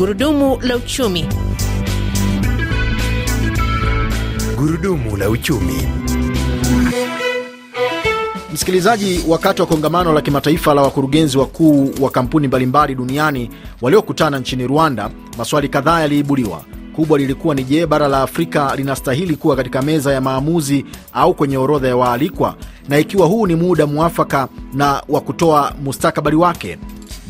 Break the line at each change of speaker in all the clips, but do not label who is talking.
Gurudumu la uchumi.
Gurudumu la uchumi.
Msikilizaji, wakati wa kongamano la kimataifa la wakurugenzi wakuu wa kampuni mbalimbali duniani waliokutana nchini Rwanda, maswali kadhaa yaliibuliwa. Kubwa lilikuwa ni je, bara la Afrika linastahili kuwa katika meza ya maamuzi au kwenye orodha ya waalikwa, na ikiwa huu ni muda mwafaka na wa kutoa mustakabali wake.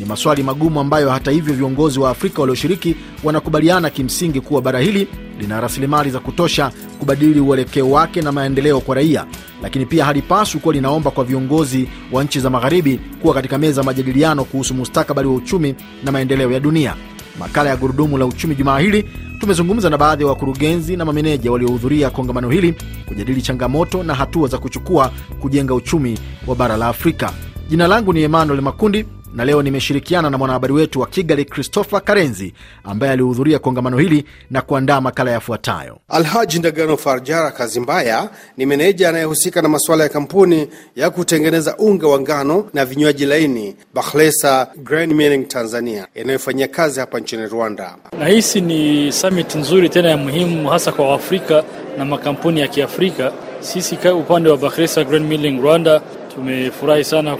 Ni maswali magumu ambayo hata hivyo viongozi wa Afrika walioshiriki wanakubaliana kimsingi kuwa bara hili lina rasilimali za kutosha kubadili uelekeo wake na maendeleo kwa raia, lakini pia halipaswi kuwa linaomba kwa viongozi wa nchi za magharibi kuwa katika meza majadiliano kuhusu mustakabali wa uchumi na maendeleo ya dunia. Makala ya Gurudumu la Uchumi jumaa hili tumezungumza na baadhi ya wa wakurugenzi na mameneja waliohudhuria kongamano hili kujadili changamoto na hatua za kuchukua kujenga uchumi wa bara la Afrika. Jina langu ni Emmanuel Makundi na leo nimeshirikiana na mwanahabari wetu wa Kigali Christopher Karenzi ambaye alihudhuria kongamano hili na kuandaa makala yafuatayo.
Alhaji Ndagano Farjara Kazimbaya ni meneja anayehusika na masuala ya kampuni ya kutengeneza unga wa ngano na vinywaji laini Bakhlesa Grain Milling Tanzania inayofanyia kazi hapa nchini
Rwanda. Nahisi ni summit nzuri tena ya muhimu hasa kwa Waafrika na makampuni ya Kiafrika. Sisi upande wa Bakhresa Grain Milling Rwanda Tumefurahi sana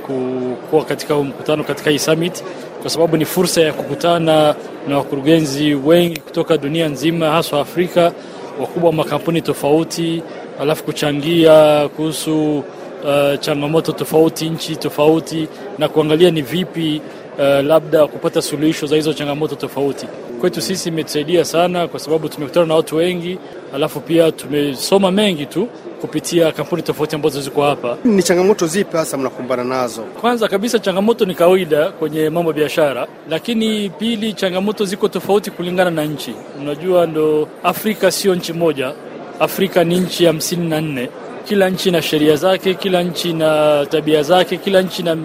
kuwa katika huu mkutano, katika hii summit, kwa sababu ni fursa ya kukutana na wakurugenzi wengi kutoka dunia nzima, haswa Afrika, wakubwa wa makampuni tofauti, alafu kuchangia kuhusu uh, changamoto tofauti, nchi tofauti, na kuangalia ni vipi uh, labda kupata suluhisho za hizo changamoto tofauti. Kwetu sisi imetusaidia sana, kwa sababu tumekutana na watu wengi, alafu pia tumesoma mengi tu kupitia kampuni tofauti ambazo ziko hapa.
Ni changamoto zipi hasa mnakumbana nazo?
Kwanza kabisa, changamoto ni kawaida kwenye mambo ya biashara, lakini pili, changamoto ziko tofauti kulingana na nchi. Unajua, ndo Afrika sio nchi moja. Afrika ni nchi hamsini na nne. Kila nchi na sheria zake, kila nchi na tabia zake, kila nchi na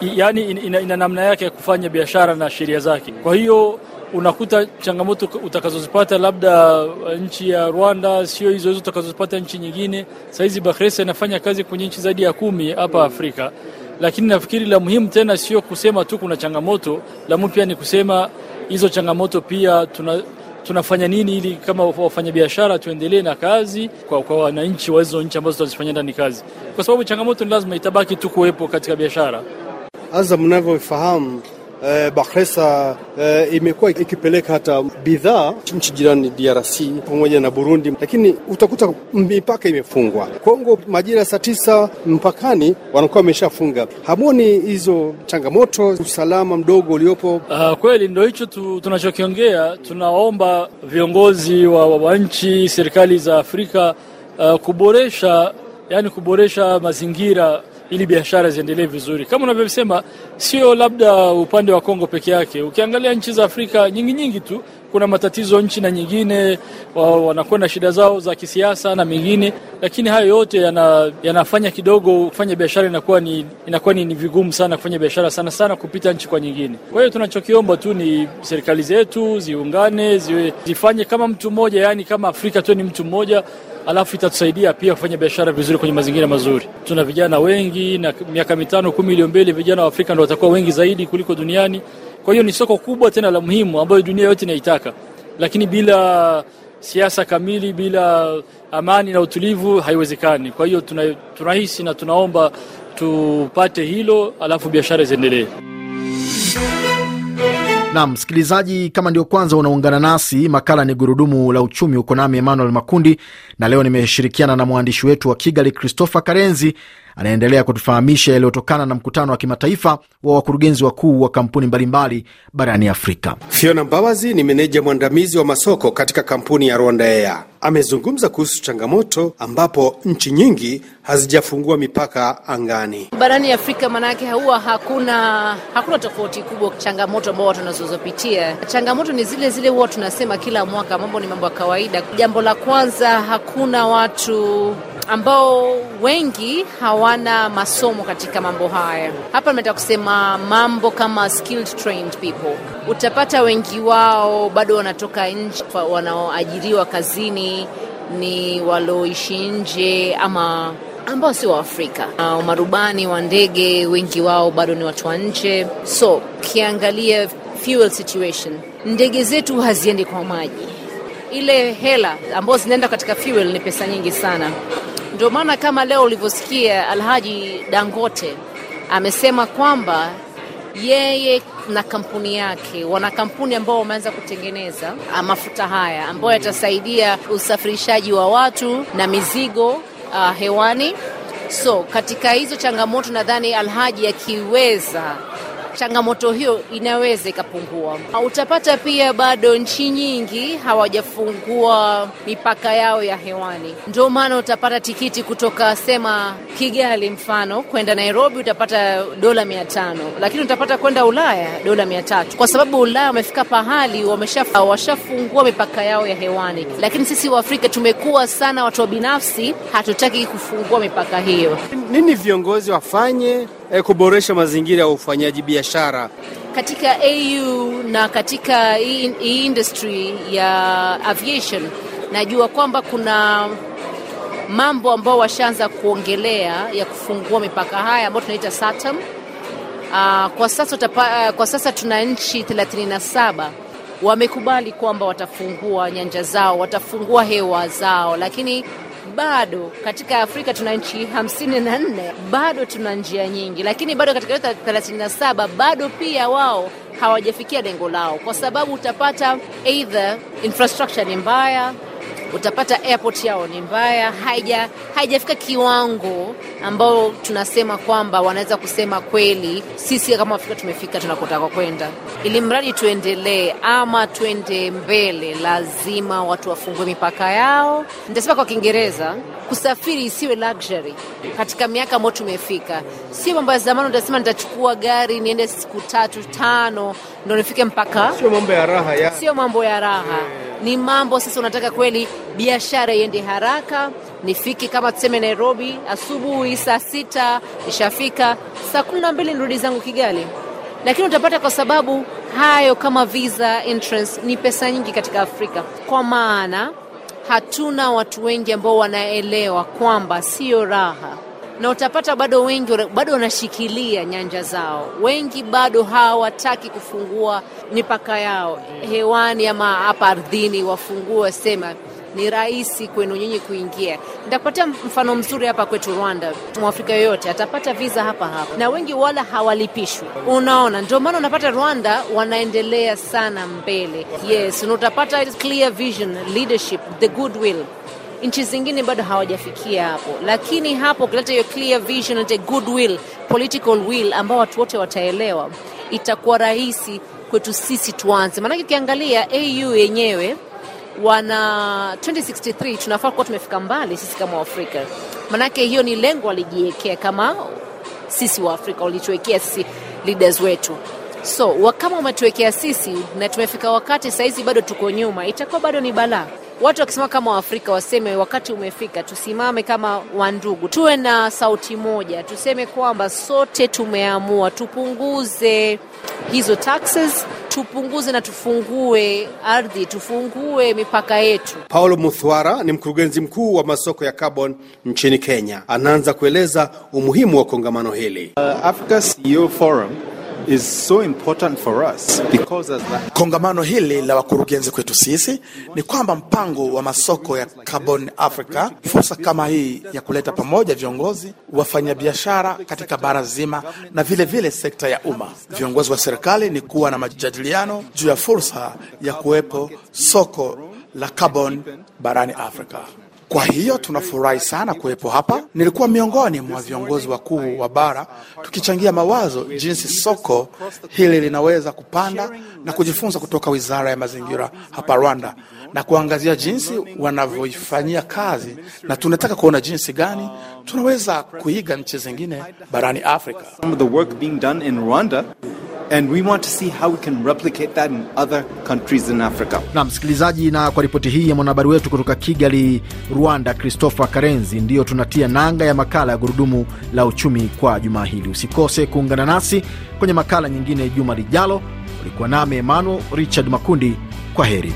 yani ina, ina namna yake ya kufanya biashara na sheria zake. Kwa hiyo unakuta changamoto utakazozipata labda eh, nchi ya Rwanda sio hizo hizo utakazozipata nchi nyingine. Sahizi Bakhresa inafanya kazi kwenye nchi zaidi ya kumi hapa Afrika, lakini nafikiri la muhimu tena sio kusema tu kuna changamoto, la muhimu pia ni kusema hizo changamoto pia tuna, tunafanya nini ili kama wafanyabiashara tuendelee na kazi kwa, kwa wananchi wa hizo nchi ambazo tunazifanyia ndani kazi, kwa sababu changamoto ni lazima itabaki tu kuwepo katika biashara.
Azam, mnavyofahamu eh, Bakresa eh, imekuwa ikipeleka hata bidhaa nchi jirani DRC pamoja na Burundi, lakini utakuta mipaka imefungwa. Kongo majira saa tisa mpakani wanakuwa wameshafunga. Hamoni hizo changamoto, usalama mdogo uliopo.
Uh, kweli ndo hicho tu, tunachokiongea. Tunaomba viongozi wa, wa nchi serikali za Afrika uh, kuboresha yani kuboresha mazingira ili biashara ziendelee vizuri. Kama unavyosema, sio labda upande wa Kongo peke yake. Ukiangalia nchi za Afrika nyingi nyingi tu kuna matatizo nchi na nyingine, wanakuwa na shida zao za kisiasa na mengine, lakini hayo yote yana, yanafanya kidogo kufanya biashara inakuwa ni, inakuwa ni, ni vigumu sana kufanya biashara sana sana kupita nchi kwa nyingine. Kwa hiyo tunachokiomba tu ni serikali zetu ziungane, ziwe, zifanye kama mtu mmoja, yani kama Afrika tu ni mtu mmoja alafu itatusaidia pia kufanya biashara vizuri kwenye mazingira mazuri. Tuna vijana wengi na miaka mitano kumi iliyo mbele, vijana wa Afrika ndo watakuwa wengi zaidi kuliko duniani. Kwa hiyo ni soko kubwa tena la muhimu ambayo dunia yote inaitaka, lakini bila siasa kamili, bila amani na utulivu haiwezekani. Kwa hiyo tunahisi tuna na tunaomba tupate hilo, alafu biashara ziendelee.
Na msikilizaji, kama ndio kwanza unaungana nasi, makala ni gurudumu la uchumi. Uko nami Emmanuel Makundi, na leo nimeshirikiana na mwandishi wetu wa Kigali Christopher Karenzi anaendelea kutufahamisha yaliyotokana na mkutano wa kimataifa wa wakurugenzi wakuu wa kampuni mbalimbali barani Afrika.
Fiona Mbawazi ni meneja mwandamizi wa masoko katika kampuni ya Rwanda Air amezungumza kuhusu changamoto ambapo nchi nyingi hazijafungua mipaka angani
barani Afrika. Maanake huwa hakuna hakuna tofauti kubwa changamoto ambao watu wanazozopitia. Changamoto ni zile zile, huwa tunasema kila mwaka, mambo ni mambo ya kawaida. Jambo la kwanza, hakuna watu ambao wengi hawana masomo katika mambo haya. Hapa nimetaka kusema mambo kama skilled trained people, utapata wengi wao bado wanatoka nje, wanaoajiriwa kazini ni walioishi nje ama ambao sio Waafrika. Uh, ah, marubani wa ndege wengi wao bado ni watu wa nje, so ukiangalia fuel situation, ndege zetu haziendi kwa maji. Ile hela ambazo zinaenda katika fuel ni pesa nyingi sana. Ndio maana kama leo ulivyosikia Alhaji Dangote amesema kwamba yeye na kampuni yake wana kampuni ambao wameanza kutengeneza ah, mafuta haya ambayo yatasaidia usafirishaji wa watu na mizigo uh, hewani. So katika hizo changamoto nadhani Alhaji akiweza changamoto hiyo inaweza ikapungua. Utapata pia bado nchi nyingi hawajafungua mipaka yao ya hewani, ndio maana utapata tikiti kutoka sema Kigali mfano kwenda Nairobi utapata dola mia tano lakini utapata kwenda Ulaya dola mia tatu kwa sababu Ulaya wamefika pahali washafungua mipaka yao ya hewani, lakini sisi Waafrika tumekuwa sana watu wa binafsi, hatutaki kufungua mipaka hiyo
nini viongozi wafanye eh, kuboresha mazingira ya ufanyaji biashara
katika AU na katika hii in, industry ya aviation? Najua kwamba kuna mambo ambao washaanza kuongelea ya kufungua mipaka haya ambayo tunaita SATAM. Uh, kwa sasa utapa, uh, eh, kwa sasa tuna nchi 37 wamekubali kwamba watafungua nyanja zao, watafungua hewa zao, lakini bado katika Afrika tuna nchi hamsini na nne, bado tuna njia nyingi, lakini bado katika yote thelathini na saba bado pia wao hawajafikia lengo lao, kwa sababu utapata either infrastructure ni mbaya utapata airport yao ni mbaya, haija haijafika kiwango ambao tunasema kwamba wanaweza kusema kweli sisi kama Afrika tumefika tunakotaka kwenda. Ili mradi tuendelee ama tuende mbele, lazima watu wafungue mipaka yao. Nitasema kwa Kiingereza, kusafiri isiwe luxury katika miaka ambayo tumefika. Sio mambo ya zamani, utasema nitachukua gari niende siku tatu tano ndo nifike mpaka. Sio mambo ya raha ya. Sio mambo ya raha yeah ni mambo sasa, unataka kweli biashara iende haraka, nifike kama tuseme Nairobi asubuhi saa sita, nishafika saa kumi na mbili nirudi zangu Kigali. Lakini utapata kwa sababu hayo kama visa entrance ni pesa nyingi katika Afrika, kwa maana hatuna watu wengi ambao wanaelewa kwamba siyo raha na utapata bado wengi bado wanashikilia nyanja zao, wengi bado hawataki kufungua mipaka yao mm. hewani ama hapa ardhini, wafungue wasema ni rahisi kwenu nyinyi kuingia. Nitakupatia mfano mzuri hapa kwetu Rwanda. Mwafrika yoyote atapata viza hapa hapa, na wengi wala hawalipishwi. Unaona, ndio maana unapata Rwanda wanaendelea sana mbele. Yes, na utapata clear vision, leadership, the goodwill nchi zingine bado hawajafikia hapo, lakini hapo ukileta hiyo clear vision and a goodwill, political will ambao watu wote wataelewa, itakuwa rahisi kwetu sisi tuanze. Maanake ukiangalia AU yenyewe wana 2063 tunafaa kuwa tumefika mbali sisi kama Waafrika, maanake hiyo ni lengo walijiwekea kama sisi Waafrika, walituwekea sisi leaders wetu so kama umetuwekea sisi na tumefika wakati saizi bado tuko nyuma, itakuwa bado ni balaa watu wakisema kama Waafrika waseme wakati umefika, tusimame kama wandugu, tuwe na sauti moja, tuseme kwamba sote tumeamua tupunguze hizo taxes, tupunguze na tufungue ardhi, tufungue mipaka yetu.
Paulo Muthwara ni mkurugenzi mkuu wa masoko ya carbon nchini Kenya, anaanza kueleza umuhimu wa kongamano hili. Uh, Africa CEO Forum is so important for us because as the... kongamano hili la wakurugenzi kwetu sisi ni kwamba mpango wa masoko ya Carbon Africa, fursa kama hii ya kuleta pamoja viongozi, wafanyabiashara katika bara zima na vilevile vile sekta ya umma, viongozi wa serikali, ni kuwa na majadiliano juu ya fursa ya kuwepo soko la carbon barani Afrika. Kwa hiyo tunafurahi sana kuwepo hapa. Nilikuwa miongoni mwa viongozi wakuu wa bara tukichangia mawazo jinsi soko hili linaweza kupanda na kujifunza kutoka Wizara ya Mazingira hapa Rwanda na kuangazia jinsi wanavyoifanyia kazi, na tunataka kuona jinsi gani tunaweza kuiga nchi zingine barani Afrika. And we want to see how we can replicate that in other countries in Africa.
Na msikilizaji, na kwa ripoti hii ya mwanahabari wetu kutoka Kigali, Rwanda, Christopher Karenzi, ndiyo tunatia nanga ya makala ya gurudumu la uchumi kwa jumaa hili. Usikose kuungana nasi kwenye makala nyingine juma lijalo. Ulikuwa nami Emmanuel Richard Makundi, kwa heri.